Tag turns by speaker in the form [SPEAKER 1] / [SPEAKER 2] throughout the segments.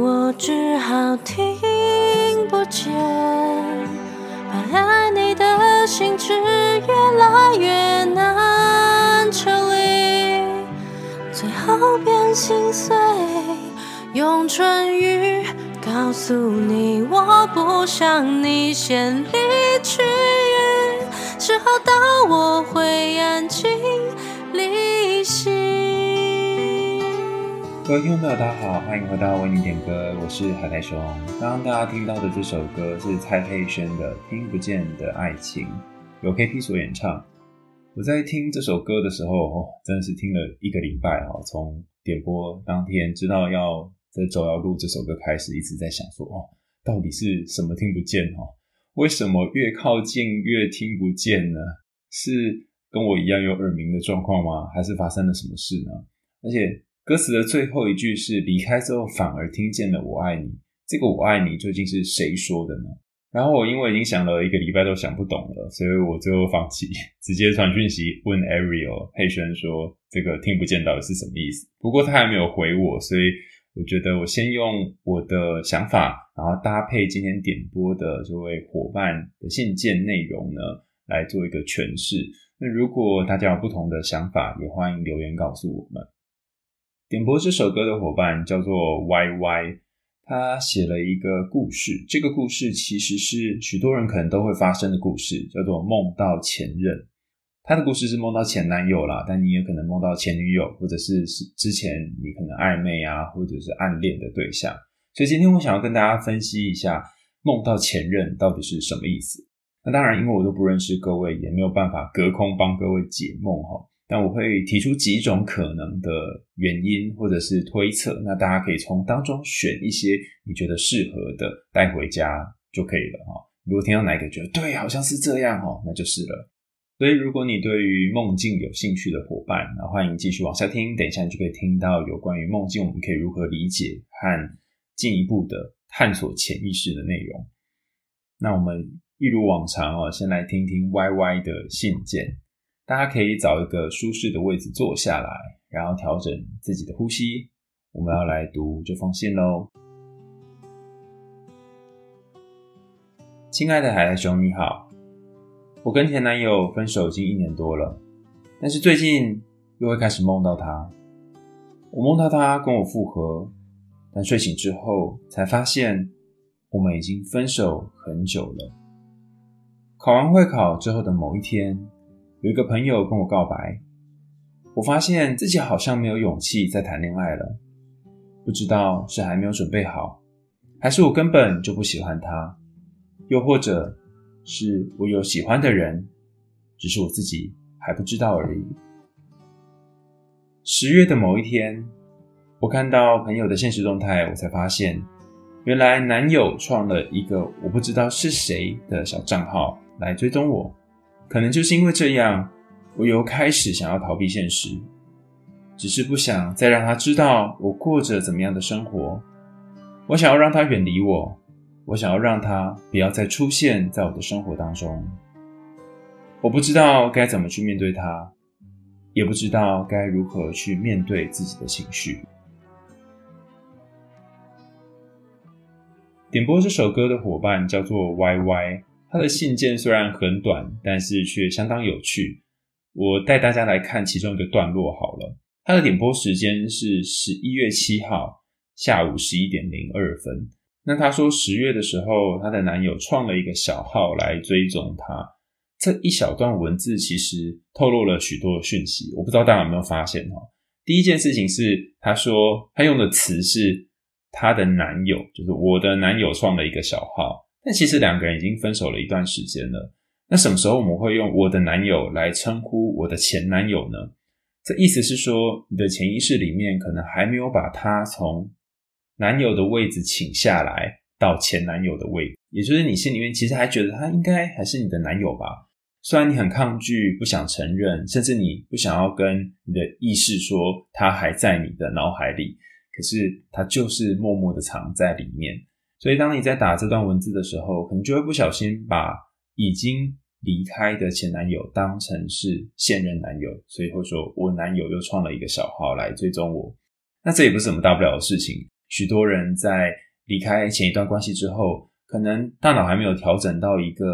[SPEAKER 1] 我只好聽不見，把愛你的心事越來越難抽離，最後變心碎。用唇語告訴你，我不想你先離去，只好到我會安靜。
[SPEAKER 2] 各位聽眾朋友，大家好，歡迎回到為你點歌，我是海苔熊。剛剛大家聽到的這首歌是蔡佩軒的《聽不見的愛情》，由 KP 所演唱。我在聽這首歌的時候，哦、真的是聽了一個禮拜啊！從點播當天知道要在週要錄這首歌開始，一直在想說：哦，到底是什麼聽不見？哦，為什麼越靠近越聽不見呢？是跟我一樣有耳鳴的狀況嗎？還是發生了什麼事呢？而且。歌詞的最後一句是“離開之後反而聽見了我愛你”，這個“我愛你”究竟是誰說的呢？然後我因為已經想了一個禮拜都想不懂了，所以我最後放棄，直接傳訊息問 Ariel 佩軒說：“這個聽不見到底是什麼意思？”不過他還沒有回我，所以我覺得我先用我的想法，然後搭配今天點播的這位伙伴的信件內容呢，來做一個詮釋。那如果大家有不同的想法，也歡迎留言告訴我們。點播這首歌的夥伴叫做 Y Y，他寫了一個故事。這個故事其實是許多人可能都會發生的故事，叫做夢到前任。他的故事是夢到前男友啦，但你也可能夢到前女友，或者是是之前你可能曖昧啊，或者是暗戀的對象。所以今天我想要跟大家分析一下夢到前任到底是什麼意思。那當然，因為我都不認識各位，也沒有辦法隔空幫各位解夢哈。但我會提出幾種可能的原因，或者是推測，那大家可以從當中選一些你覺得適合的帶回家就可以了哈。如果聽到哪一個覺得對，好像是這樣哦，那就是了。所以，如果你對於夢境有興趣的伙伴，那歡迎繼續往下聽。等一下，你就可以聽到有關於夢境，我們可以如何理解和進一步的探索潛意識的內容。那我們一如往常哦，先來聽聽 Y Y 的信件。大家可以找一個舒適的位置坐下來，然後調整自己的呼吸。我們要來讀這封信囉。親愛的海苔熊，你好，我跟前男友分手已經一年多了，但是最近又會開始夢到他。我夢到他跟我復合，但睡醒之後才發現我們已經分手很久了。考完會考之後的某一天。有一個朋友跟我告白，我發現自己好像沒有勇氣再談戀愛了。不知道是還沒有準備好，還是我根本就不喜歡他，又或者是我有喜歡的人，只是我自己還不知道而已。十月的某一天，我看到朋友的現實動態，我才發現，原來男友創了一個我不知道是誰的小賬號來追蹤我。可能就是因為這樣，我又開始想要逃避現實，只是不想再讓他知道我過着怎麼樣的生活。我想要讓他遠離我，我想要讓他不要再出現在我的生活當中。我不知道該怎麼去面對他，也不知道該如何去面對自己的情緒。點播這首歌的夥伴叫做 YY。他的信件雖然很短，但是卻相當有趣。我帶大家來看其中一個段落好了。他的點播時間是十一月七號下午十一點零二分。那他說十月的時候，他的男友創了一個小號來追蹤他。這一小段文字其實透露了許多訊息。我不知道大家有沒有發現哈？第一件事情是，他說他用的詞是他的男友，就是我的男友創了一個小號。那其實兩個人已經分手了一段時間了。那什麼時候我們會用“我的男友”來稱呼我的前男友呢？這意思是說，你的潛意識裡面可能還沒有把他從男友的位置請下來，到前男友的位置，也就是你心裡面其實還覺得他應該還是你的男友吧。雖然你很抗拒，不想承認，甚至你不想要跟你的意識說他還在你的腦海裡，可是他就是默默的藏在裡面。所以，當你在打這段文字的時候，可能就會不小心把已經離開的前男友當成是現任男友，所以會說：“我男友又創了一個小號來追蹤我。”那這也不是什麼大不了的事情。許多人在離開前一段關係之後，可能大腦還沒有調整到一個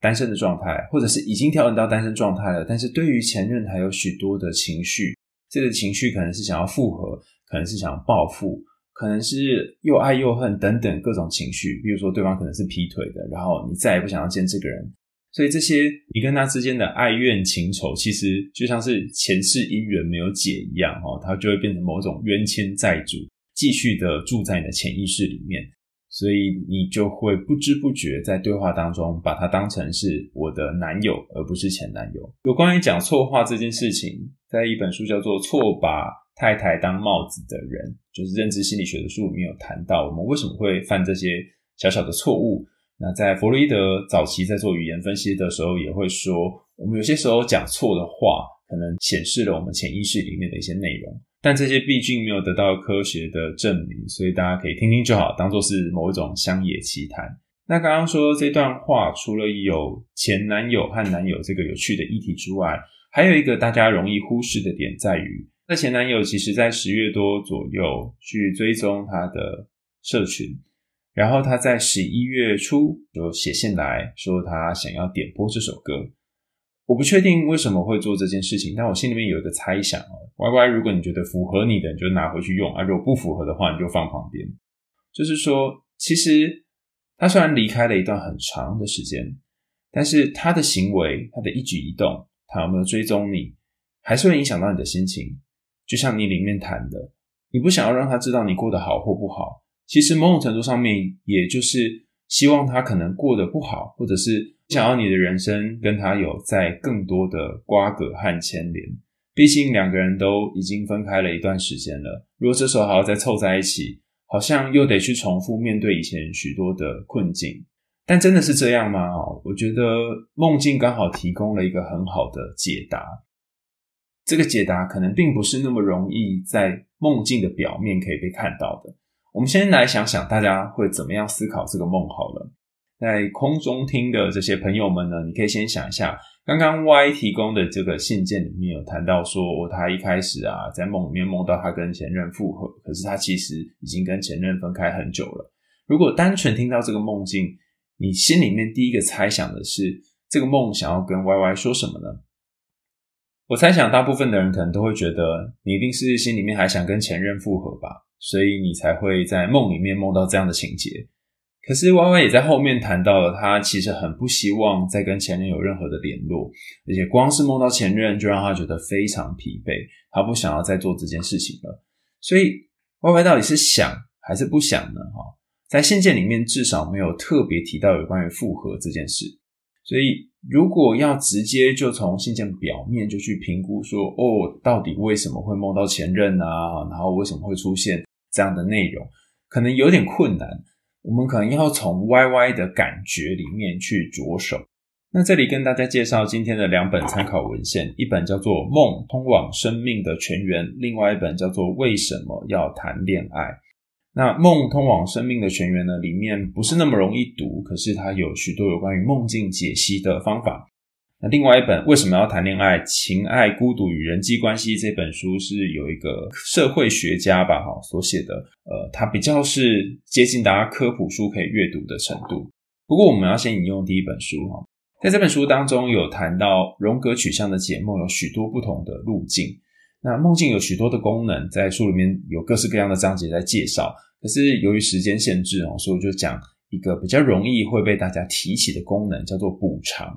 [SPEAKER 2] 單身的狀態，或者是已經調整到單身狀態了，但是對於前任還有許多的情緒，這個情緒可能是想要復合，可能是想要報復。可能是又愛又恨等等各種情緒，比如說對方可能是劈腿的，然後你再也不想要見這個人，所以這些你跟他之間的愛怨情仇，其實就像是前世姻緣沒有解一樣，哦，哈，它就會變成某種冤親債主，繼續的住在你的潛意識裡面，所以你就會不知不覺在對話當中把他當成是我的男友，而不是前男友。有關於講錯話這件事情，在一本書叫做《錯把》。太太當帽子的人，就是認知心理學的書裡面有談到，我們為什麼會犯這些小小的錯誤。那在弗洛伊德早期在做語言分析的時候，也會說，我們有些時候講錯的話，可能顯示了我們潛意識裡面的一些內容。但這些畢竟沒有得到科學的證明，所以大家可以聽聽就好，當做是某一種鄉野奇談。那剛剛說這段話，除了有前男友和男友這個有趣的議題之外，還有一個大家容易忽視的點在於，那前男友其實，在十月多左右去追蹤他的社群，然後他在十一月初就寫信來說他想要點播這首歌。我不確定為什麼會做這件事情，但我心裡面有一個猜想哦。歪歪，如果你覺得符合你的，你就拿回去用啊；如果不符合的話，你就放旁邊。就是說，其實他雖然離開了一段很長的時間，但是他的行為、他的一舉一動，他有沒有追蹤你，還是會影響到你的心情。就像你裡面談的，你不想要讓他知道你過得好或不好，其實某種程度上面，也就是希望他可能過得不好，或者是想要你的人生跟他有再更多的瓜葛和牽連。畢竟兩個人都已經分開了一段時間了，如果這時候還要再湊在一起，好像又得去重複面對以前許多的困境。但真的是這樣嗎？我覺得夢境剛好提供了一個很好的解答。這個解答可能並不是那麼容易在夢境的表面可以被看到的。我們先來想想大家會怎麼樣思考這個夢好了。在空中聽的這些朋友們呢，你可以先想一下，剛剛 Y 提供的這個信件裡面有談到說，哦，他一開始啊在夢裡面夢到他跟前任復合，可是他其實已經跟前任分開很久了。如果單純聽到這個夢境，你心裡面第一個猜想的是這個夢想要跟 Y Y 說什麼呢？我猜想，大部分的人可能都會覺得，你一定是心裡面還想跟前任復合吧，所以你才會在夢裡面夢到這樣的情節。可是歪歪也在後面談到了，他其實很不希望再跟前任有任何的聯絡，而且光是夢到前任就讓他覺得非常疲憊，他不想要再做這件事情了。所以歪歪到底是想還是不想呢？哈，在信件裡面至少沒有特別提到有關於復合這件事。所以，如果要直接就從信件表面就去評估說，哦，到底為什麼會夢到前任啊？然後為什麼會出現這樣的內容，可能有點困難。我們可能要從歪歪的感覺裡面去着手。那這裡跟大家介紹今天的兩本參考文獻，一本叫做《夢通往生命的泉源》，另外一本叫做《為什麼要談戀愛》。那夢通往生命的泉源呢，裡面不是那麼容易讀，可是它有許多有關於夢境解析的方法。那另外一本《為什麼要談戀愛？情愛、孤獨與人際關係》這本書是有一個社會學家吧，哈所寫的，呃，它比較是接近大家科普書可以閱讀的程度。不過我們要先引用第一本書哈，在這本書當中有談到榮格取向的解夢有許多不同的路徑。那夢境有許多的功能，在書裡面有各式各樣的章節在介紹。可是由於時間限制哦，所以我就講一個比較容易會被大家提起的功能，叫做補償。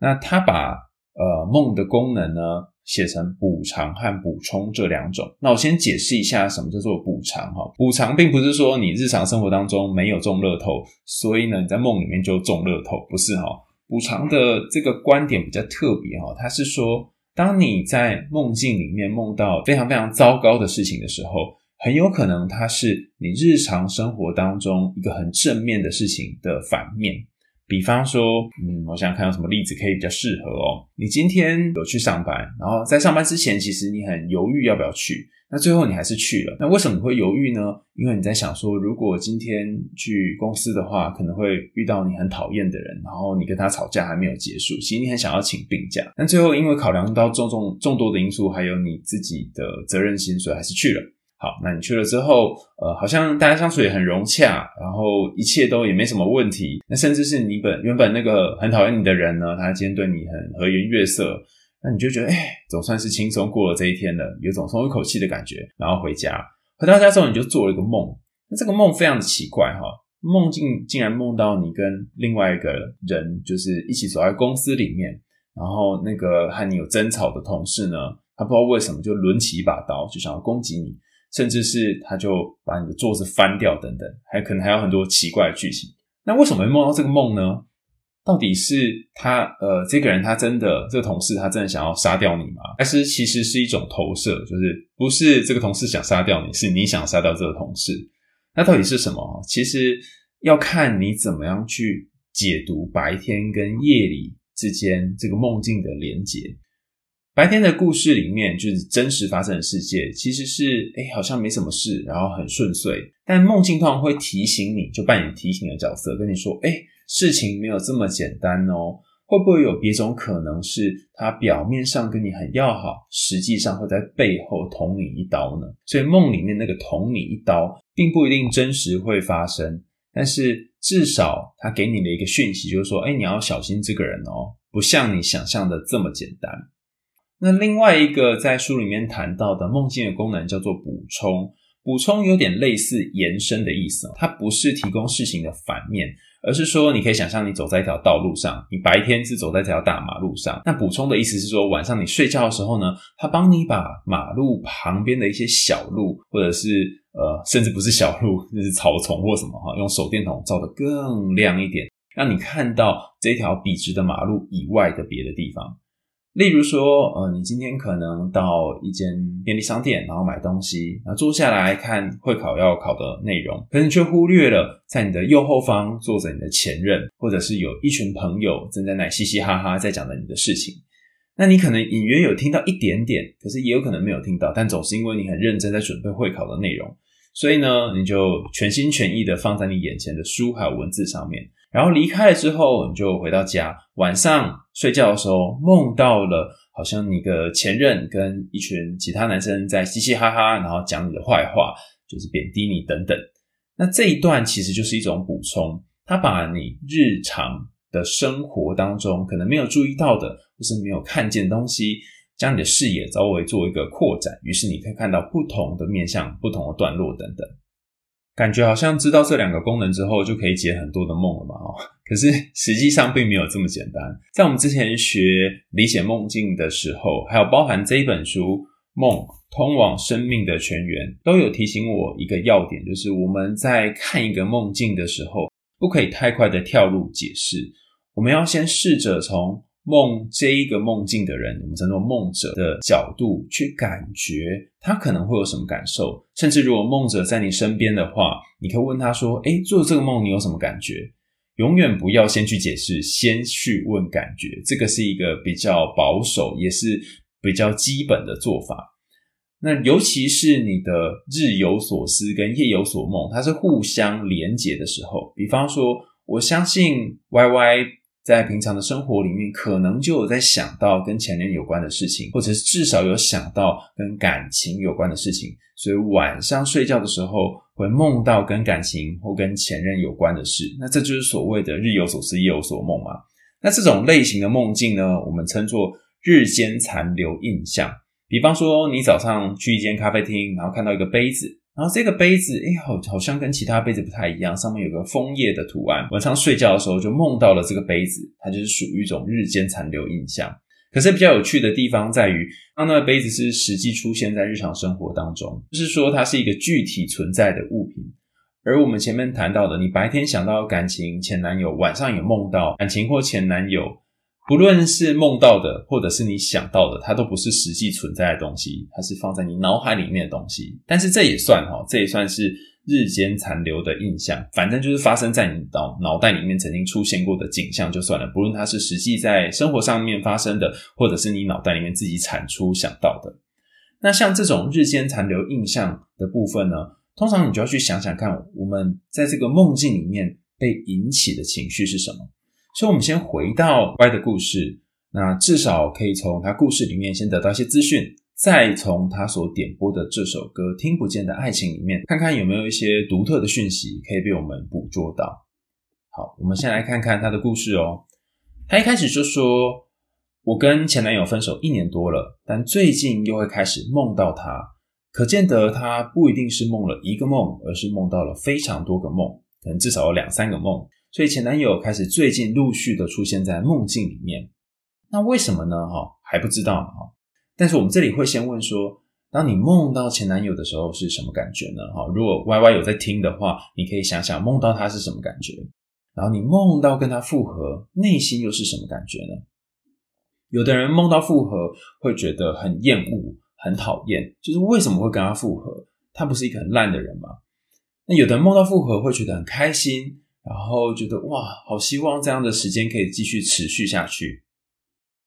[SPEAKER 2] 那他把呃夢的功能呢寫成補償和補充這兩種。那我先解釋一下什麼叫做補償哈。補償並不是說你日常生活當中沒有中樂透，所以呢你在夢裡面就中樂透，不是哈，補償的這個觀點比較特別哈，它是說，當你在夢境裡面夢到非常非常糟糕的事情的時候，很有可能它是你日常生活當中一個很正面的事情的反面。比方說，嗯，我想看有什麼例子可以比較適合哦。你今天有去上班，然後在上班之前，其實你很猶豫要不要去。那最後你還是去了。那為什麼會猶豫呢？因為你在想說，如果今天去公司的話，可能會遇到你很討厭的人，然後你跟他吵架還沒有結束，其實你很想要請病假。但最後因為考量到種種眾多的因素，還有你自己的責任心，所以還是去了。好，那你去了之後，呃，好像大家相處也很融洽，然後一切都也沒什麼問題。那甚至是你本原本那個很討厭你的人呢，他今天對你很和顏悅色，那你就覺得哎、欸，總算是輕鬆過了這一天了，有種鬆一口氣的感覺。然後回家，回到家之後，你就做了一個夢，那這個夢非常的奇怪哈，夢境竟，竟然夢到你跟另外一個人，就是一起走在公司裡面，然後那個和你有爭吵的同事呢，他不知道為什麼就掄起一把刀，就想要攻擊你。甚至是他就把你的桌子翻掉，等等，還可能還有很多奇怪的劇情。那為什麼會夢到這個夢呢？到底是他呃，這個人他真的這個同事他真的想要殺掉你嗎？還是其實是一種投射，就是不是這個同事想殺掉你，是你想殺掉這個同事。那到底是什麼？其實要看你怎麼樣去解讀白天跟夜裡之間這個夢境的連結。白天的故事裡面就是真實發生的世界，其實是誒、欸、好像沒什麼事，然後很順遂。但夢境通常會提醒你，就扮演提醒的角色，跟你說：“誒、欸、事情沒有這麼簡單哦，會不會有別種可能是他表面上跟你很要好，實際上會在背後捅你一刀呢？”所以夢裡面那個捅你一刀，並不一定真實會發生，但是至少他給你的一個訊息，就是說：“誒、欸、你要小心這個人哦，不像你想象的這麼簡單。”那另外一個在書裡面談到的夢境的功能叫做補充，補充有點類似延伸的意思，它不是提供事情的反面，而是說你可以想象你走在一條道路上，你白天是走在這條大馬路上，那補充的意思是說晚上你睡覺的時候呢，它幫你把馬路旁邊的一些小路，或者是呃甚至不是小路，那、就是草叢或什麼哈，用手電筒照得更亮一點，讓你看到這條筆直的馬路以外的別的地方。例如說，呃，你今天可能到一間便利商店，然後買東西，然後坐下來看會考要考的內容，可是卻忽略了在你的右後方坐着你的前任，或者是有一群朋友正在那嘻嘻哈哈在講着你的事情。那你可能隱約有聽到一點點，可是也有可能沒有聽到，但總是因為你很認真在準備會考的內容，所以呢，你就全心全意的放在你眼前的書還有文字上面。然後離開了之後，你就回到家，晚上睡覺的時候夢到了，好像你的前任跟一群其他男生在嘻嘻哈哈，然後講你的壞話，就是貶低你等等。那這一段其實就是一種補充，他把你日常的生活當中可能沒有注意到的，或是沒有看見的東西，將你的視野稍微做一個擴展，於是你可以看到不同的面向、不同的段落等等。感覺好像知道這兩個功能之後，就可以解很多的夢了嘛？哦，可是實際上並沒有這麼簡單。在我們之前學理解夢境的時候，還有包含這一本書《夢通往生命的泉源》，都有提醒我一個要點，就是我們在看一個夢境的時候，不可以太快的跳入解釋。我們要先試着從。夢這一個夢境的人，我們稱作夢者的角度去感覺，他可能會有什麼感受。甚至如果夢者在你身邊的話，你可以問他說：“哎，做這個夢你有什麼感覺？”永遠不要先去解釋，先去問感覺，這個是一個比較保守，也是比較基本的做法。那尤其是你的日有所思跟夜有所夢，它是互相連結的時候。比方說，我相信歪歪。在平常的生活裡面，可能就有在想到跟前任有關的事情，或者是至少有想到跟感情有關的事情，所以晚上睡覺的時候會夢到跟感情或跟前任有關的事。那這就是所謂的日有所思，夜有所夢啊。那這種類型的夢境呢，我們稱作日間殘留印象。比方說，你早上去一間咖啡廳，然後看到一個杯子。然後這個杯子，哎、欸，好好像跟其他杯子不太一樣，上面有個楓葉的圖案。晚上睡覺的時候就夢到了這個杯子，它就是屬於一種日間殘留印象。可是比較有趣的地方在於，啊、那那個杯子是實際出現在日常生活當中，就是說它是一個具體存在的物品。而我們前面談到的，你白天想到感情、前男友，晚上也夢到感情或前男友。不論是夢到的，或者是你想到的，它都不是實際存在的東西，它是放在你腦海裡面的東西。但是這也算哈、喔，這也算是日間殘留的印象，反正就是發生在你腦腦袋裡面曾經出現過的景象就算了，不論它是實際在生活上面發生的，或者是你腦袋裡面自己產出想到的。那像這種日間殘留印象的部分呢，通常你就要去想想看，我們在這個夢境裡面被引起的情緒是什麼？所以，我們先回到 Y 的故事，那至少可以從他故事裡面先得到一些資訊，再從他所點播的這首歌《聽不見的愛情》裡面，看看有沒有一些獨特的訊息可以被我們捕捉到。好，我們先來看看他的故事哦、喔。他一開始就說：“我跟前男友分手一年多了，但最近又會開始夢到他。”可見得他不一定是夢了一個夢，而是夢到了非常多個夢，可能至少有兩三個夢。所以前男友開始最近陸續的出現在夢境裡面，那為什麼呢？哈，還不知道哈。但是我們這裡會先問說，當你夢到前男友的時候是什麼感覺呢？哈，如果歪歪有在聽的話，你可以想想夢到他是什麼感覺。然後你夢到跟他復合，內心又是什麼感覺呢？有的人夢到復合會覺得很厭惡、很討厭，就是為什麼會跟他復合？他不是一個很爛的人嗎？那有的人夢到復合會覺得很開心。然後覺得哇，好希望這樣的時間可以繼續持續下去。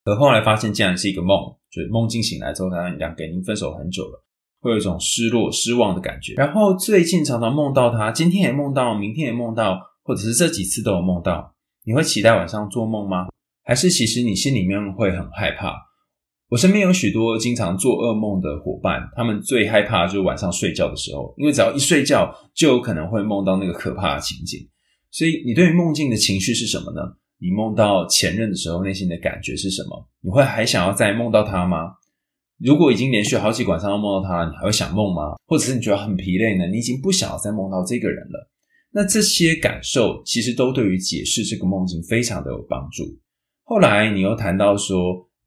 [SPEAKER 2] 可後來發現，竟然是一個夢，就是夢境醒來之後，他講給您分手很久了，會有一種失落、失望的感覺。然後最近常常夢到他，今天也夢到，明天也夢到，或者是這幾次都有夢到。你會期待晚上做夢嗎？還是其實你心裡面會很害怕？我身邊有許多經常做噩夢的夥伴，他們最害怕的就是晚上睡覺的時候，因為只要一睡覺，就有可能會夢到那個可怕的情景。所以，你對於夢境的情緒是什麼呢？你夢到前任的時候，內心的感覺是什麼？你會還想要再夢到他嗎？如果已經連續好幾晚上都夢到他了，你還會想夢嗎？或者是你覺得很疲累呢？你已經不想要再夢到這個人了。那這些感受其實都對於解釋這個夢境非常的有幫助。後來你又談到說：“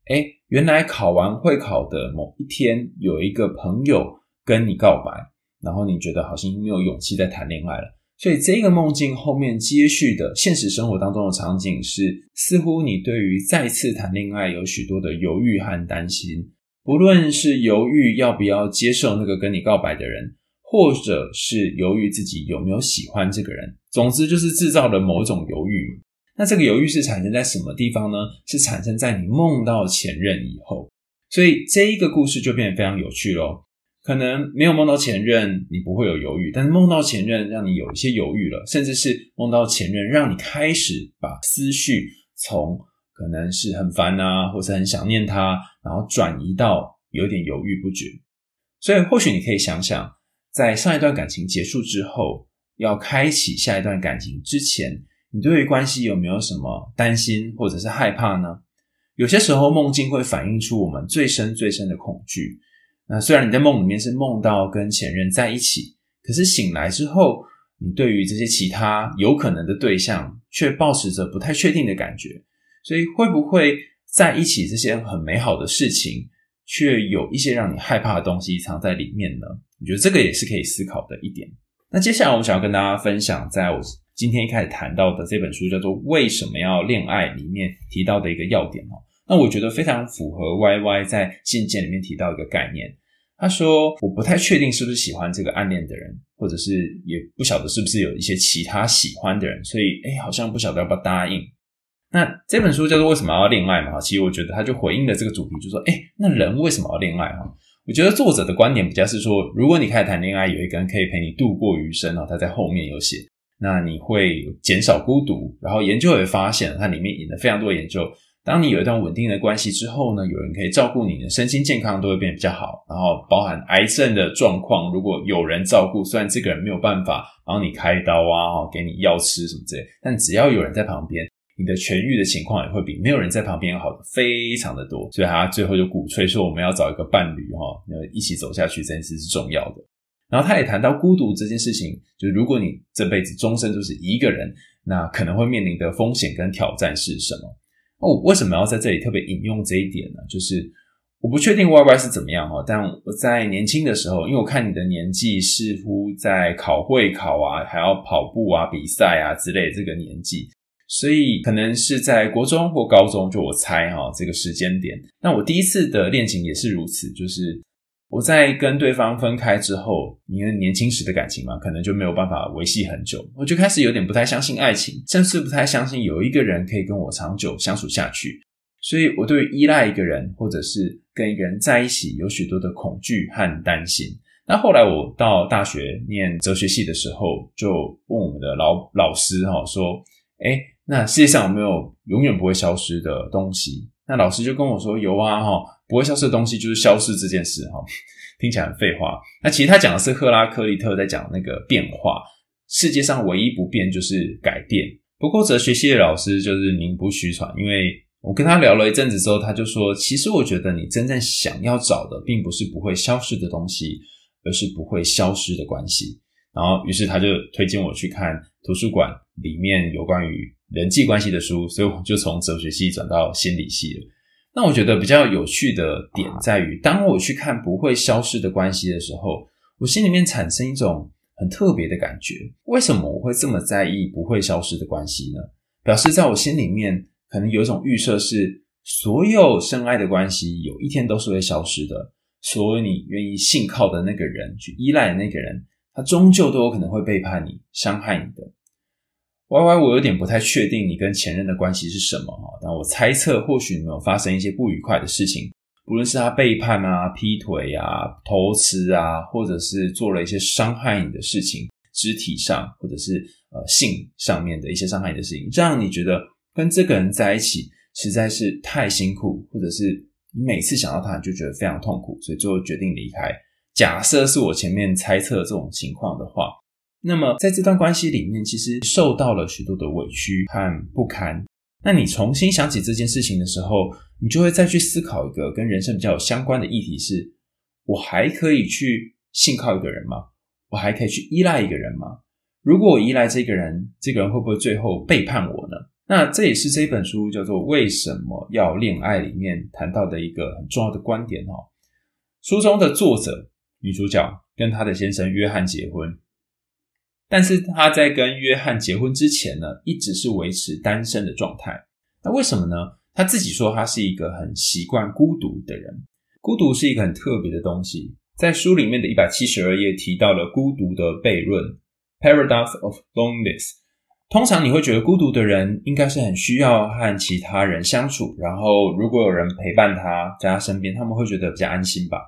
[SPEAKER 2] 哎，原來考完會考的某一天，有一個朋友跟你告白，然後你覺得好像沒有勇氣再談戀愛了。”所以，這個夢境後面接續的現實生活當中的場景是，似乎你對於再次談戀愛有許多的猶豫和擔心，不論是猶豫要不要接受那個跟你告白的人，或者是猶豫自己有沒有喜歡這個人，總之就是製造了某種猶豫。那這個猶豫是產生在什麼地方呢？是產生在你夢到前任以後，所以這一個故事就變得非常有趣囉。可能沒有夢到前任，你不會有猶豫；但是夢到前任，讓你有一些猶豫了，甚至是夢到前任，讓你開始把思緒從可能是很煩啊，或者很想念他，然後轉移到有點猶豫不決。所以，或許你可以想想，在上一段感情結束之後，要開啟下一段感情之前，你對於關係有沒有什麼擔心或者是害怕呢？有些時候，夢境會反映出我們最深最深的恐懼。那雖然你在夢裡面是夢到跟前任在一起，可是醒來之後，你對於這些其他有可能的對象，卻抱持着不太確定的感覺。所以會不會在一起這些很美好的事情，卻有一些讓你害怕的東西藏在裡面呢？我覺得這個也是可以思考的一點。那接下來我們想要跟大家分享，在我今天一開始談到的這本書叫做《為什麼要戀愛》裡面提到的一個要點哦。那我覺得非常符合 Y Y 在信件裡面提到一個概念，他說我不太確定是不是喜歡這個暗戀的人，或者是也不曉得是不是有一些其他喜歡的人，所以哎、欸，好像不曉得要不要答應。那這本書叫做《為什麼要戀愛》嘛，其實我覺得他就回應了這個主題就，就說哎，那人為什麼要戀愛？我覺得作者的觀點比較是說，如果你開始談戀愛，有一個人可以陪你度過餘生啊，然後他在後面有寫，那你會減少孤獨，然後研究也發現，他裡面引了非常多的研究。當你有一段穩定的關係之後呢，有人可以照顧你的身心健康，都會變得比較好。然後包含癌症的狀況，如果有人照顧，雖然這個人沒有辦法然後你開刀啊，給你藥吃什麼之類，但只要有人在旁邊，你的痊癒的情況也會比沒有人在旁邊好的非常的多。所以他最後就鼓吹說，我們要找一個伴侶哈，要一起走下去，這件事是重要的。然後他也談到孤獨這件事情，就是如果你這輩子終身就是一個人，那可能會面臨的風險跟挑戰是什麼？哦，為什麼要在這裡特別引用這一點呢？就是我不確定 YY 是怎麼樣哈、哦，但我在年輕的時候，因為我看你的年紀似乎在考會考啊，還要跑步啊、比賽啊之類的這個年紀，所以可能是在國中或高中，就我猜哈、哦、這個時間點。那我第一次的戀情也是如此，就是。我在跟對方分開之後，因為年輕時的感情嘛，可能就沒有辦法維繫很久。我就開始有點不太相信愛情，甚至不太相信有一個人可以跟我長久相處下去。所以，我對依賴一個人，或者是跟一個人在一起，有許多的恐懼和擔心。那後來我到大學念哲學系的時候，就問我們的老老師哈說：“欸，那世界上有沒有永遠不會消失的東西？”那老師就跟我說：“有啊，哈。”不會消失的東西就是消失這件事哈，聽起來很廢話。那其實他講的是赫拉克利特在講那個變化，世界上唯一不變就是改變。不過哲學系的老師就是名不虛傳，因為我跟他聊了一陣子之後，他就說，其實我覺得你真正想要找的，並不是不會消失的東西，而是不會消失的關係。然後，於是他就推薦我去看圖書館裡面有關於人際關係的書，所以我就從哲學系轉到心理系了。那我覺得比較有趣的點在於，當我去看不會消失的關係的時候，我心裡面產生一種很特別的感覺。為什麼我會這麼在意不會消失的關係呢？表示在我心裡面，可能有一種預設是，所有深愛的關係有一天都是會消失的。所以你願意信靠的那個人，去依賴的那個人，他終究都有可能會背叛你、傷害你的。Y Y，我有點不太確定你跟前任的關係是什麼哈。但我猜測，或許你們有發生一些不愉快的事情，不論是他背叛啊、劈腿啊、偷吃啊，或者是做了一些傷害你的事情，肢體上或者是呃性上面的一些傷害你的事情，讓你覺得跟這個人在一起實在是太辛苦，或者是你每次想到他你就覺得非常痛苦，所以最後決定離開。假設是我前面猜測這種情況的話。那麼，在這段關係裡面，其實受到了許多的委屈和不堪。那你重新想起這件事情的時候，你就會再去思考一個跟人生比較有相關的議題是，我還可以去信靠一個人嗎？我還可以去依賴一個人嗎？如果我依賴這個人，這個人會不會最後背叛我呢？那這也是這本書叫做《為什麼要戀愛》裡面談到的一個很重要的觀點哦。書中的作者女主角跟她的先生約翰結婚。但是他在跟約翰結婚之前呢，一直是維持單身的狀態。那為什麼呢？他自己說他是一個很習慣孤獨的人。孤獨是一個很特別的東西。在書裡面的一百七十二頁提到了孤獨的悖論 （Paradox of loneliness）。通常你會覺得孤獨的人應該是很需要和其他人相處，然後如果有人陪伴他在他身邊，他們會覺得比較安心吧。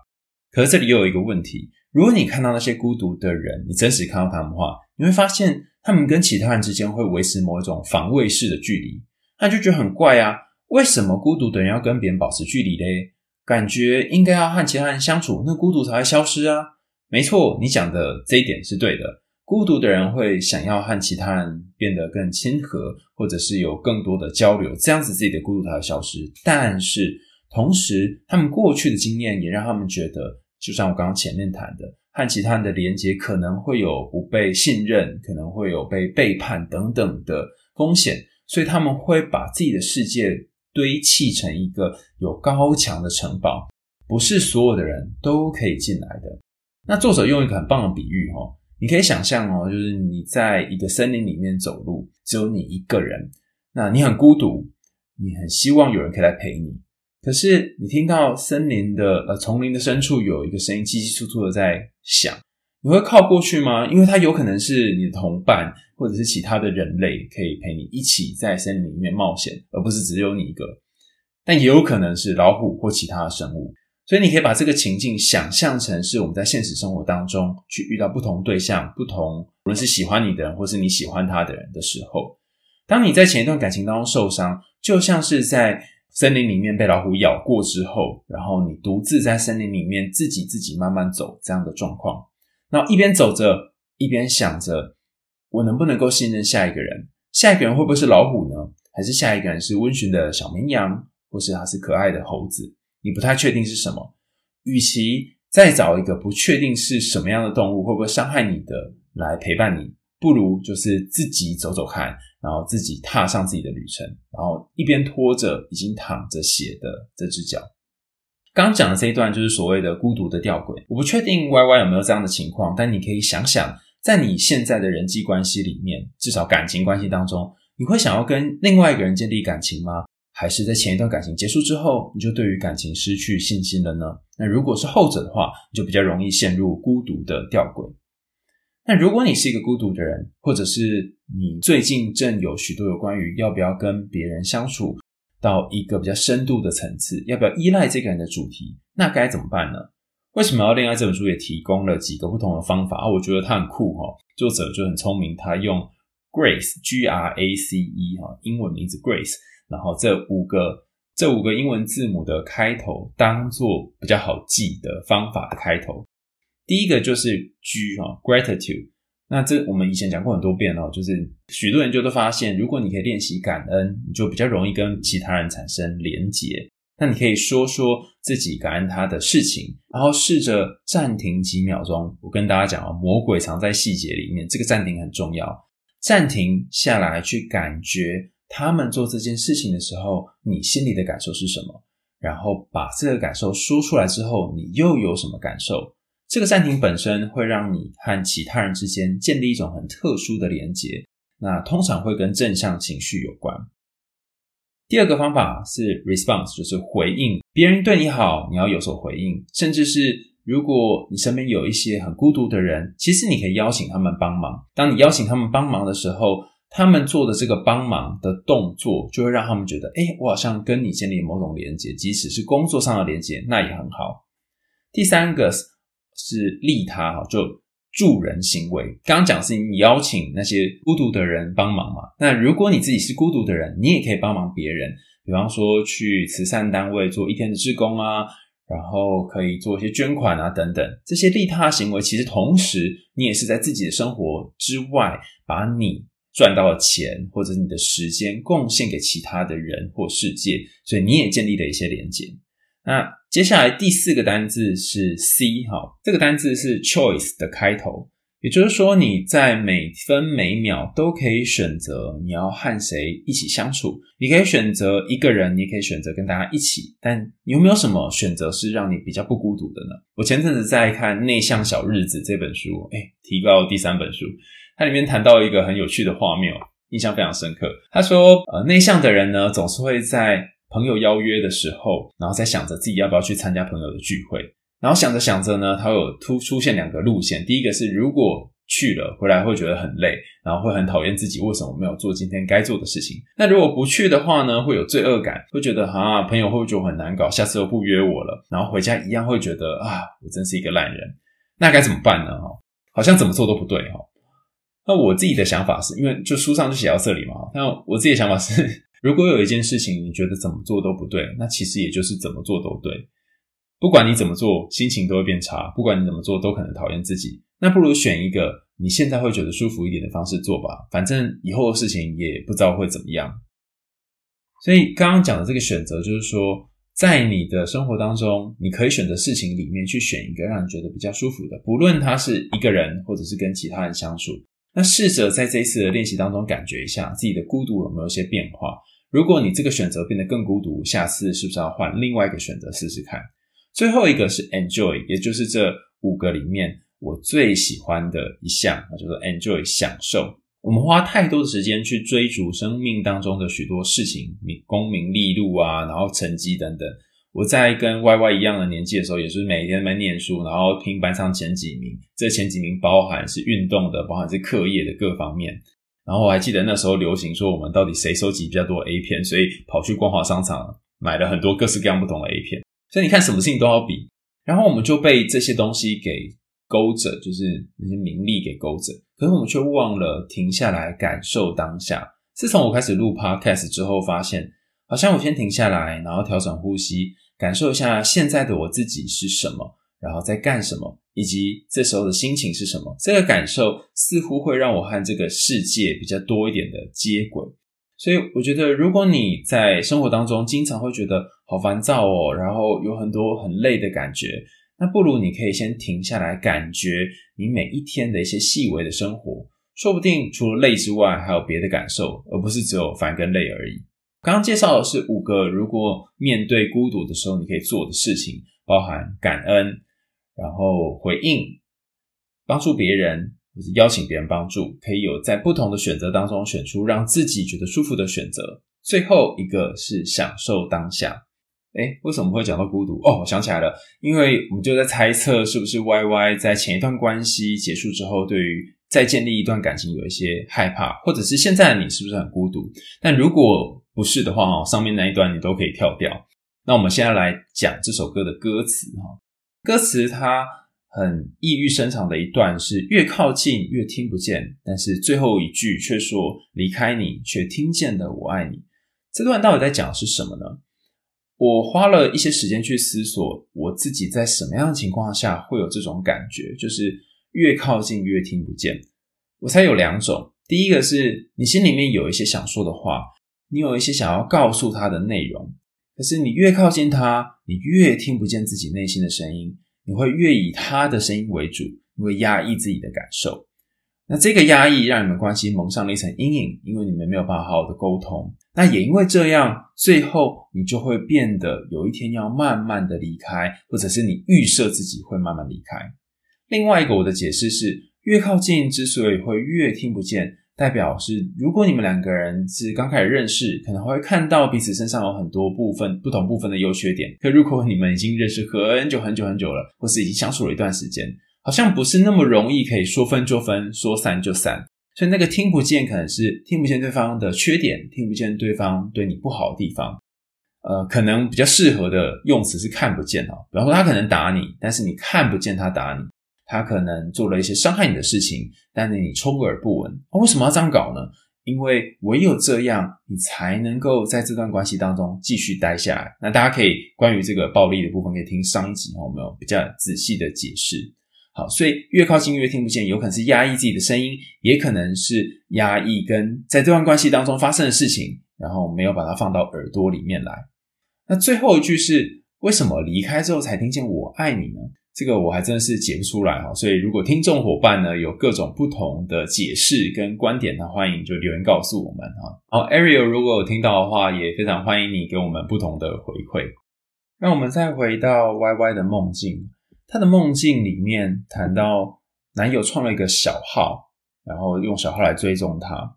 [SPEAKER 2] 可是這裡又有一個問題：如果你看到那些孤獨的人，你真實看到他們的話。你會發現，他們跟其他人之間會維持某一種防衛式的距離，他就覺得很怪啊！為什麼孤獨的人要跟別人保持距離嘞？感覺應該要和其他人相處，那孤獨才會消失啊！沒錯，你講的這一點是對的。孤獨的人會想要和其他人變得更親和，或者是有更多的交流，這樣子自己的孤獨才會消失。但是同時，他們過去的經驗也讓他們覺得，就像我剛剛前面談的。和其他人的連接可能會有不被信任，可能會有被背叛等等的風險，所以他們會把自己的世界堆砌成一個有高牆的城堡，不是所有的人都可以進來的。那作者用一個很棒的比喻哦、喔，你可以想象哦、喔，就是你在一個森林裡面走路，只有你一個人，那你很孤獨，你很希望有人可以來陪你。可是，你聽到森林的呃叢林的深處有一個聲音，唧唧促促的在響，你會靠過去嗎？因為它有可能是你的同伴，或者是其他的人類可以陪你一起在森林裡面冒險，而不是只有你一個。但也有可能是老虎或其他的生物，所以你可以把這個情境想象成是我們在現實生活當中去遇到不同對象、不同，無論是喜歡你的人，或是你喜歡他的人的時候，當你在前一段感情當中受傷，就像是在。森林裡面被老虎咬過之後，然後你獨自在森林裡面自己自己慢慢走這樣的狀況，那一邊走着一邊想着，我能不能夠信任下一個人？下一個人會不會是老虎呢？還是下一個人是溫馴的小綿羊？或是他是可愛的猴子？你不太確定是什麼。與其再找一個不確定是什麼樣的動物會不會傷害你的來陪伴你，不如就是自己走走看，然後自己踏上自己的旅程，然後一邊拖着已經淌着血的這隻腳。剛剛講的這一段就是所謂的孤獨的弔詭。我不確定歪歪有沒有這樣的情況，但你可以想想，在你現在的人際關係裡面，至少感情關係當中，你會想要跟另外一個人建立感情嗎？還是在前一段感情結束之後，你就對於感情失去信心了呢？那如果是後者的話，你就比較容易陷入孤獨的弔詭。那如果你是一個孤獨的人，或者是你最近正有許多有關於要不要跟別人相處到一個比較深度的層次，要不要依賴這個人的主題，那該怎麼辦呢？為什麼要戀愛？這本書也提供了幾個不同的方法啊，我覺得它很酷哦、喔，作者就很聰明，他用 Grace，G-R-A-C-E 哈，英文名字 Grace，然後這五個這五個英文字母的開頭當做比較好記的方法的開頭。第一個就是 G 啊，gratitude。那這我們以前講過很多遍哦，就是許多人就都發現，如果你可以練習感恩，你就比較容易跟其他人產生連結。那你可以說說自己感恩他的事情，然後試着暫停幾秒鐘。我跟大家講哦，魔鬼藏在細節裡面，這個暫停很重要。暫停下來去感覺他們做這件事情的時候，你心裡的感受是什麼？然後把這個感受說出來之後，你又有什麼感受？這個暫停本身會讓你和其他人之間建立一種很特殊的連接，那通常會跟正向情緒有關。第二個方法是 response，就是回應別人對你好，你要有所回應。甚至是如果你身邊有一些很孤獨的人，其實你可以邀請他們幫忙。當你邀請他們幫忙的時候，他們做的這個幫忙的動作，就會讓他們覺得，哎，我好像跟你建立某種連接，即使是工作上的連接，那也很好。第三個。是利他哈，就助人行為。剛剛講是你邀請那些孤獨的人幫忙嘛。那如果你自己是孤獨的人，你也可以幫忙別人。比方說去慈善單位做一天的志工啊，然後可以做一些捐款啊等等。這些利他行為，其實同時你也是在自己的生活之外，把你賺到的錢或者你的時間貢獻給其他的人或世界，所以你也建立了一些連結。那接下來第四個單字是 C，好，這個單字是 choice 的開頭，也就是說你在每分每秒都可以選擇你要和誰一起相處，你可以選擇一個人，你可以選擇跟大家一起，但你有沒有什麼選擇是讓你比較不孤獨的呢？我前陣子在看《內向小日子》這本書，誒、欸，提到第三本書，它裡面談到一個很有趣的畫面，印象非常深刻。他說，呃，內向的人呢，總是會在。朋友邀約的時候，然後在想着自己要不要去參加朋友的聚會，然後想着想着呢，他會有突出現兩個路線。第一個是如果去了，回來會覺得很累，然後會很討厭自己為什麼沒有做今天該做的事情。那如果不去的話呢，會有罪惡感，會覺得啊，朋友會不會覺得我很難搞，下次又不約我了。然後回家一樣會覺得啊，我真是一個爛人。那該怎麼辦呢？好像怎麼做都不對。那我自己的想法是，因為就書上就寫到這裡嘛。那我自己的想法是。如果有一件事情你覺得怎麼做都不對，那其實也就是怎麼做都對。不管你怎麼做，心情都會變差；不管你怎麼做，都可能討厭自己。那不如選一個你現在會覺得舒服一點的方式做吧，反正以後的事情也不知道會怎麼樣。所以剛剛講的這個選擇，就是說，在你的生活當中，你可以選擇事情裡面去選一個讓你覺得比較舒服的，不論他是一個人，或者是跟其他人相處。那試着在這一次的練習當中，感覺一下自己的孤獨有沒有一些變化。如果你這個選擇變得更孤獨，下次是不是要換另外一個選擇試試看？最後一個是 enjoy，也就是這五個裡面我最喜歡的一項，那就是 enjoy，享受。我們花太多的時間去追逐生命當中的許多事情，名、功名利祿啊，然後成績等等。我在跟 Y Y 一樣的年紀的時候，也是每天在念書，然後拼班上前幾名。這前幾名包含是運動的，包含是課業的各方面。然後我還記得那時候流行說我們到底誰收集比較多 A 片，所以跑去光華商場買了很多各式各樣不同的 A 片。所以你看什麼事情都要比，然後我們就被這些東西給勾着，就是那些名利給勾着。可是我們卻忘了停下來感受當下。自從我開始錄 Podcast 之後，發現好像我先停下來，然後調整呼吸。感受一下現在的我自己是什麼，然後在幹什麼，以及這時候的心情是什麼。這個感受似乎會讓我和這個世界比較多一點的接軌。所以我覺得，如果你在生活當中經常會覺得好煩躁哦，然後有很多很累的感覺，那不如你可以先停下來，感覺你每一天的一些細微的生活。說不定除了累之外，還有別的感受，而不是只有煩跟累而已。剛剛介紹的是五個，如果面對孤獨的時候，你可以做的事情，包含感恩，然後回應，幫助別人，或者邀請別人幫助，可以有在不同的選擇當中選出讓自己覺得舒服的選擇。最後一個是享受當下。誒，為什麼會講到孤獨？哦，我想起來了，因為我們就在猜測，是不是 Y Y 在前一段關係結束之後，對於再建立一段感情有一些害怕，或者是現在的你是不是很孤獨？但如果不是的話，上面那一段你都可以跳掉。那我們現在來講這首歌的歌詞，哈，歌詞它很意味深長的一段是越靠近越聽不見，但是最後一句卻說離開你卻聽見了我愛你。這段到底在講的是什麼呢？我花了一些時間去思索，我自己在什麼樣的情況下會有這種感覺，就是越靠近越聽不見。我猜有兩種，第一個是你心裡面有一些想說的話。你有一些想要告訴他的內容，可是你越靠近他，你越聽不見自己內心的聲音，你會越以他的聲音為主，你會壓抑自己的感受。那這個壓抑讓你們關係蒙上了一層陰影，因為你們沒有辦法好好的溝通。那也因為這樣，最後你就會變得有一天要慢慢的離開，或者是你預設自己會慢慢離開。另外一個我的解釋是，越靠近之所以會越聽不見。代表是，如果你們兩個人是剛開始認識，可能會看到彼此身上有很多部分，不同部分的優缺點。可如果你們已經認識很久，很久很久了，或是已經相處了一段時間，好像不是那麼容易可以說分就分、說散就散。所以那個聽不見，可能是聽不見對方的缺點，聽不見對方對你不好的地方。呃，可能比較適合的用詞是看不見哦。比方說他可能打你，但是你看不見他打你。他可能做了一些傷害你的事情，但是你充耳不聞哦。為什麼要這樣搞呢？因為唯有這樣，你才能夠在這段關係當中繼續待下來。那大家可以關於這個暴力的部分，可以聽上集，我們有比較仔細的解釋。好，所以越靠近越聽不見，有可能是壓抑自己的聲音，也可能是壓抑跟在這段關係當中發生的事情，然後沒有把它放到耳朵裡面來。那最後一句是為什麼離開之後才聽見我愛你呢？這個我還真是解不出來，所以如果聽眾夥伴呢，有各種不同的解釋跟觀點呢，歡迎就留言告訴我們哈。Ariel 如果有聽到的話，也非常歡迎你給我們不同的回饋。那我們再回到 Y Y 的夢境，他的夢境裡面談到男友創了一個小號，然後用小號來追蹤他，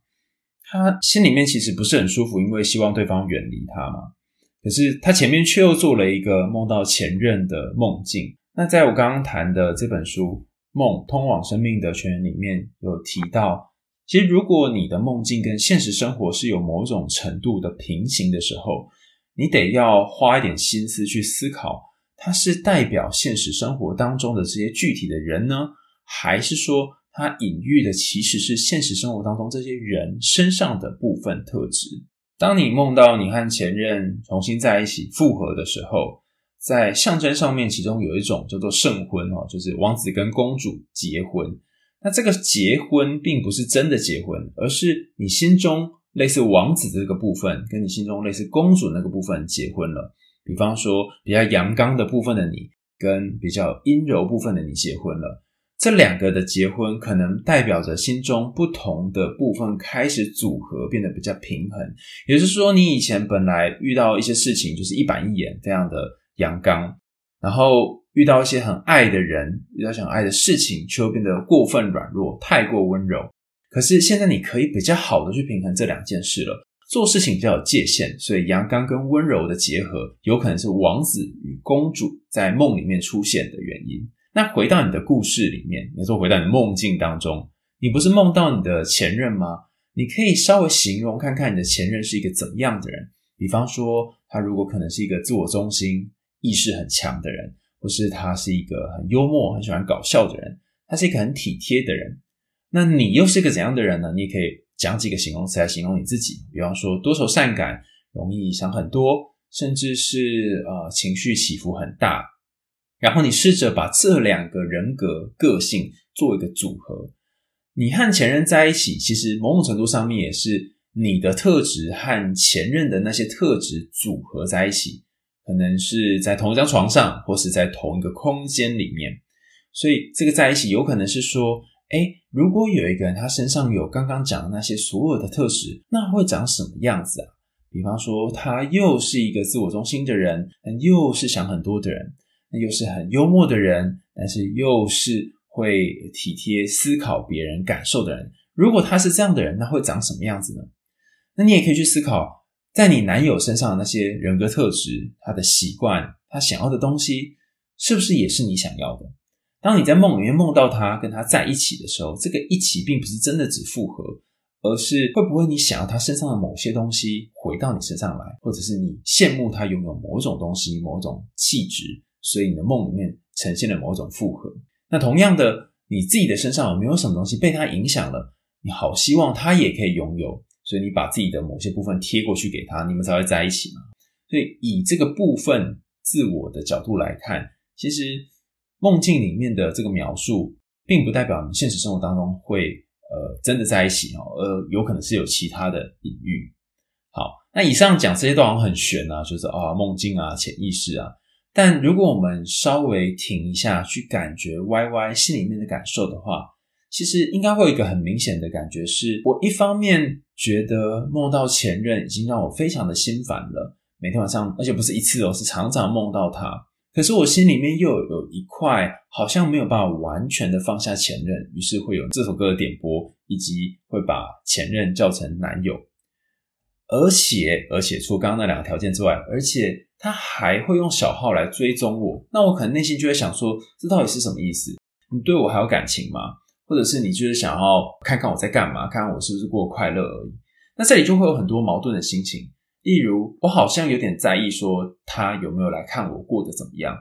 [SPEAKER 2] 他心裡面其實不是很舒服，因為希望對方遠離他嘛。可是他前面卻又做了一個夢到前任的夢境。那在我剛剛談的這本書《夢通往生命的泉源》裡面有提到，其實如果你的夢境跟現實生活是有某種程度的平行的時候，你得要花一點心思去思考，它是代表現實生活當中的這些具體的人呢，還是說它隱喻的其實是現實生活當中這些人身上的部分特質？當你夢到你和前任重新在一起復合的時候。在象徵上面，其中有一種叫做聖婚哦，就是王子跟公主結婚。那這個結婚並不是真的結婚，而是你心中類似王子這個部分跟你心中類似公主那個部分結婚了。比方說，比較陽剛的部分的你跟比較陰柔部分的你結婚了，這兩個的結婚可能代表着心中不同的部分開始組合，變得比較平衡。也就是說，你以前本來遇到一些事情就是一板一眼這樣的。陽剛，然後遇到一些很愛的人，遇到想愛的事情，卻又變得過分軟弱，太過溫柔。可是現在你可以比較好的去平衡這兩件事了，做事情比較有界限，所以陽剛跟溫柔的結合，有可能是王子與公主在夢裡面出現的原因。那回到你的故事裡面，比如說回到你的夢境當中，你不是夢到你的前任嗎？你可以稍微形容看看你的前任是一個怎樣的人，比方說他如果可能是一個自我中心。意識很強的人，或是他是一個很幽默、很喜歡搞笑的人，他是一個很體貼的人。那你又是一個怎樣的人呢？你也可以講幾個形容詞來形容你自己，比方說多愁善感、容易想很多，甚至是呃情緒起伏很大。然後你試着把這兩個人格、個性做一個組合。你和前任在一起，其實某種程度上面也是你的特質和前任的那些特質組合在一起。可能是在同一張床上，或是在同一個空間裡面，所以這個在一起有可能是說，哎、欸，如果有一個人他身上有剛剛講的那些所有的特質，那會長什麼樣子啊？比方說，他又是一個自我中心的人，又是想很多的人，那又是很幽默的人，但是又是會體貼思考別人感受的人。如果他是這樣的人，那會長什麼樣子呢？那你也可以去思考。在你男友身上的那些人格特質，他的習慣，他想要的東西，是不是也是你想要的？當你在夢裡面夢到他跟他在一起的時候，這個一起並不是真的指復合，而是會不會你想要他身上的某些東西回到你身上來，或者是你羨慕他擁有某種東西、某種氣質，所以你的夢裡面呈現了某種復合。那同樣的，你自己的身上有沒有什麼東西被他影響了？你好希望他也可以擁有。所以你把自己的某些部分貼過去給他，你們才會在一起嘛。所以以這個部分自我的角度來看，其實夢境裡面的這個描述，並不代表你現實生活當中會呃真的在一起哦，而有可能是有其他的隱喻。好，那以上講這些都好像很玄啊，就是啊夢境啊、潛意識啊。但如果我們稍微停一下，去感覺歪歪心裡面的感受的話。其實應該會有一個很明顯的感覺，是我一方面覺得夢到前任已經讓我非常的心煩了，每天晚上，而且不是一次哦，是常常夢到他。可是我心裡面又有一塊好像沒有辦法完全的放下前任，於是會有這首歌的點播，以及會把前任叫成男友。而且，而且除剛剛那兩個條件之外，而且他還會用小號來追蹤我。那我可能內心就會想說，這到底是什麼意思？你對我還有感情嗎？或者是你就是想要看看我在幹嘛，看看我是不是過得快樂而已。那這裡就會有很多矛盾的心情，例如我好像有點在意說他有沒有來看我過得怎麼樣。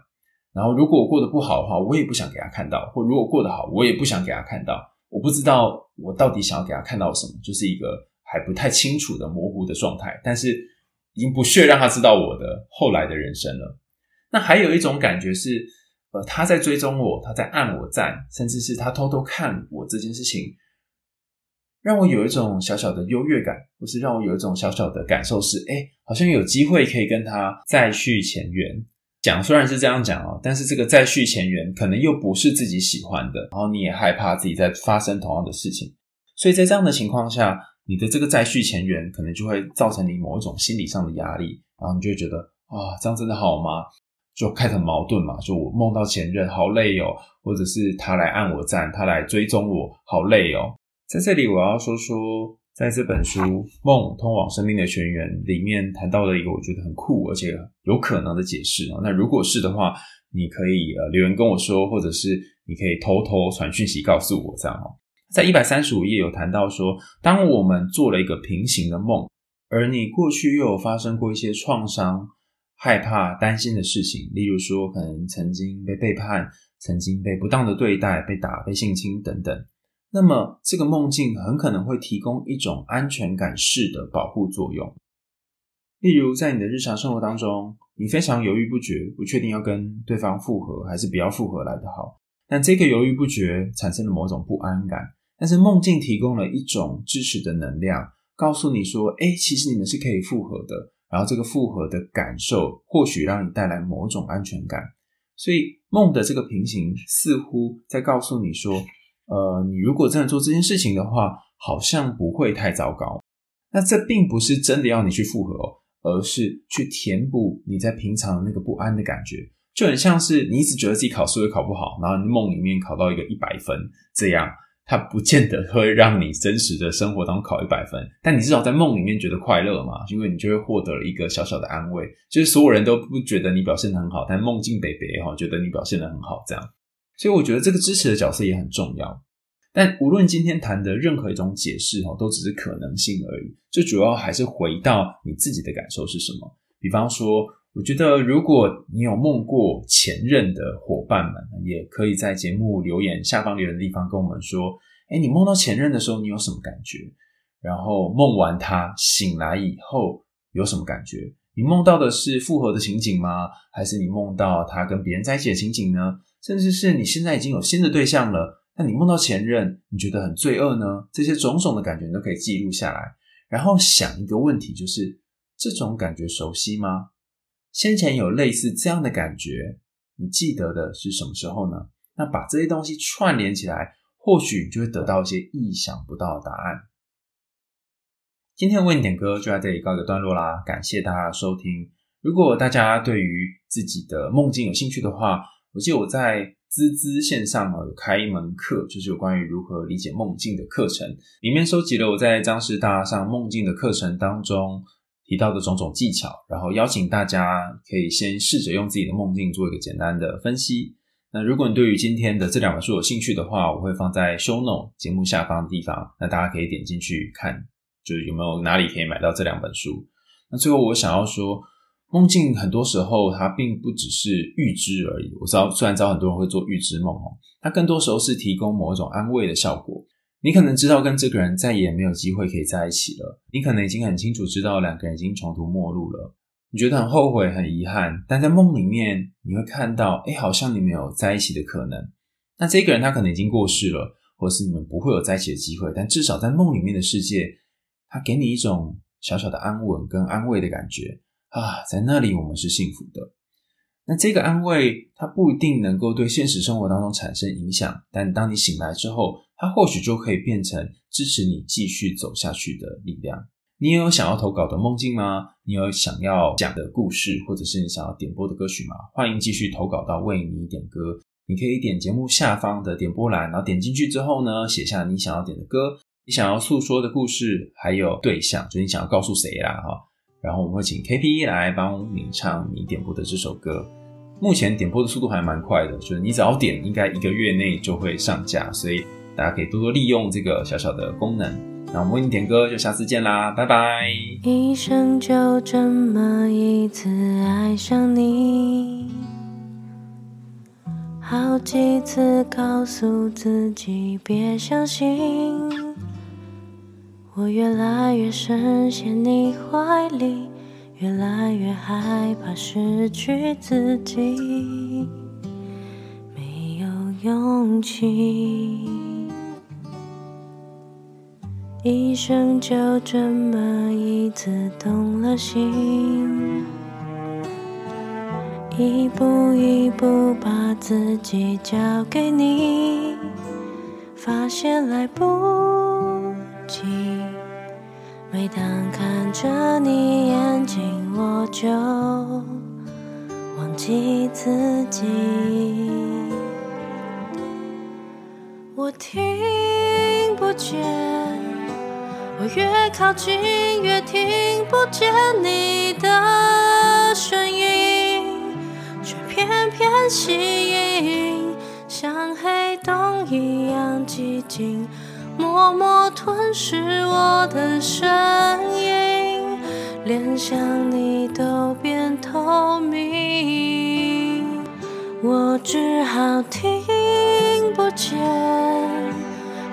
[SPEAKER 2] 然後如果我過得不好的話，我也不想給他看到；或如果過得好，我也不想給他看到。我不知道我到底想要給他看到什麼，就是一個還不太清楚的模糊的狀態。但是已經不屑讓他知道我的後來的人生了。那還有一種感覺是。呃，他在追蹤我，他在按我讚，甚至是他偷偷看我這件事情，讓我有一種小小的優越感，或是讓我有一種小小的感受是，是、欸、哎，好像有機會可以跟他再續前緣。講雖然是這樣講哦、喔，但是這個再續前緣可能又不是自己喜歡的，然後你也害怕自己在發生同樣的事情，所以在這樣的情況下，你的這個再續前緣可能就會造成你某一種心理上的壓力，然後你就會覺得啊，這樣真的好嗎？就開始矛盾嘛，就我夢到前任好累哦，或者是他來按我讚，他來追蹤我好累哦。在這裡我要說說，在這本書《夢通往生命的泉源》裡面談到的一個我覺得很酷而且有可能的解釋。那如果是的話，你可以、呃、留言跟我說，或者是你可以偷偷傳訊息告訴我這樣哦。在一百三十五頁有談到說，當我們做了一個平行的夢，而你過去又有發生過一些創傷。害怕、擔心的事情，例如說，可能曾經被背叛、曾經被不當的對待、被打、被性侵等等。那麼，這個夢境很可能會提供一種安全感式的保護作用。例如，在你的日常生活當中，你非常猶豫不決，不確定要跟對方復合，還是不要復合來得好。但這個猶豫不決產生了某種不安感，但是夢境提供了一種支持的能量，告訴你說：“哎，其實你們是可以復合的。”然後這個複合的感受，或許讓你帶來某種安全感。所以夢的這個平行似乎在告訴你說，呃，你如果真的做這件事情的話，好像不會太糟糕。那這並不是真的要你去複合，而是去填補你在平常的那個不安的感覺，就很像是你一直覺得自己考試會考不好，然後你夢裡面考到一個一百分這樣。它不見得會讓你真實的生活當中考一百分，但你至少在夢裡面覺得快樂嘛，因為你就會獲得了一個小小的安慰。就是所有人都不覺得你表現得很好，但夢境北北哈覺得你表現得很好，這樣。所以我覺得這個支持的角色也很重要。但無論今天談的任何一種解釋哈，都只是可能性而已。最主要還是回到你自己的感受是什麼。比方說。我覺得，如果你有夢過前任的夥伴們，也可以在節目留言下方留言的地方跟我們說：哎，你夢到前任的時候，你有什麼感覺？然後夢完他醒來以後有什麼感覺？你夢到的是復合的情景嗎？還是你夢到他跟別人在一起的情景呢？甚至是你現在已經有新的對象了，那你夢到前任，你覺得很罪惡呢？這些種種的感覺，你都可以記錄下來，然後想一個問題：就是這種感覺熟悉嗎？先前有類似這樣的感覺，你記得的是什麼時候呢？那把這些東西串聯起來，或許你就會得到一些意想不到的答案。今天的為你點歌就在這裡告一個段落啦，感謝大家收聽。如果大家對於自己的夢境有興趣的話，我記得我在滋滋線上有開一門課，就是有關於如何理解夢境的課程，裡面收集了我在張師大上夢境的課程當中。提到的種種技巧，然後邀請大家可以先試着用自己的夢境做一個簡單的分析。那如果你對於今天的這兩本書有興趣的話，我會放在 show note 節目下方的地方，那大家可以點進去看，就有沒有哪裡可以買到這兩本書。那最後我想要說，夢境很多時候它並不只是預知而已，我知道，雖然知道很多人會做預知夢哦，它更多時候是提供某一種安慰的效果。你可能知道跟這個人再也沒有機會可以在一起了，你可能已經很清楚知道兩個人已經窮途末路了。你覺得很後悔、很遺憾，但在夢裡面你會看到，哎、欸，好像你們有在一起的可能。那這個人他可能已經過世了，或是你們不會有在一起的機會。但至少在夢裡面的世界，他給你一種小小的安穩跟安慰的感覺啊，在那裡我們是幸福的。那這個安慰它不一定能夠對現實生活當中產生影響，但當你醒來之後。它、啊、或許就可以變成支持你繼續走下去的力量。你也有想要投稿的夢境嗎？你有想要講的故事，或者是你想要點播的歌曲嗎？歡迎繼續投稿到為你點歌。你可以點節目下方的點播欄，然後點進去之後呢，寫下你想要點的歌，你想要訴說的故事，還有對象，就是你想要告訴誰啦，哈。然後我們會請 KP 來幫你唱你點播的這首歌。目前點播的速度還蠻快的，就是你早點，應該一個月內就會上架，所以。大家可以多多利用這個小小的功能，那我們為你點歌就下次見啦，拜拜。
[SPEAKER 1] 一生就這麼一次，愛上你好幾次，告訴自己別相信，我越來越深陷你懷裡，越來越害怕失去自己，沒有勇氣一生就這麼一次動了心，一步一步把自己交給你，發現來不及。每當看着你眼睛，我就忘記自己。我聽不見。我越靠近，越聽不見你的聲音，卻偏偏吸引，像黑洞一樣寂靜，默默吞噬我的聲音，連想你都變透明。我只好聽不見，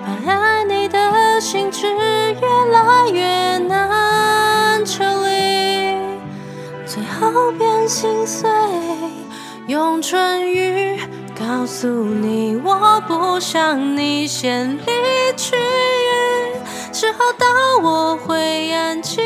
[SPEAKER 1] 把愛你的心智。越來越難抽離，最後變心碎。用唇語告訴你，我不想你先離去，只好到我會安靜。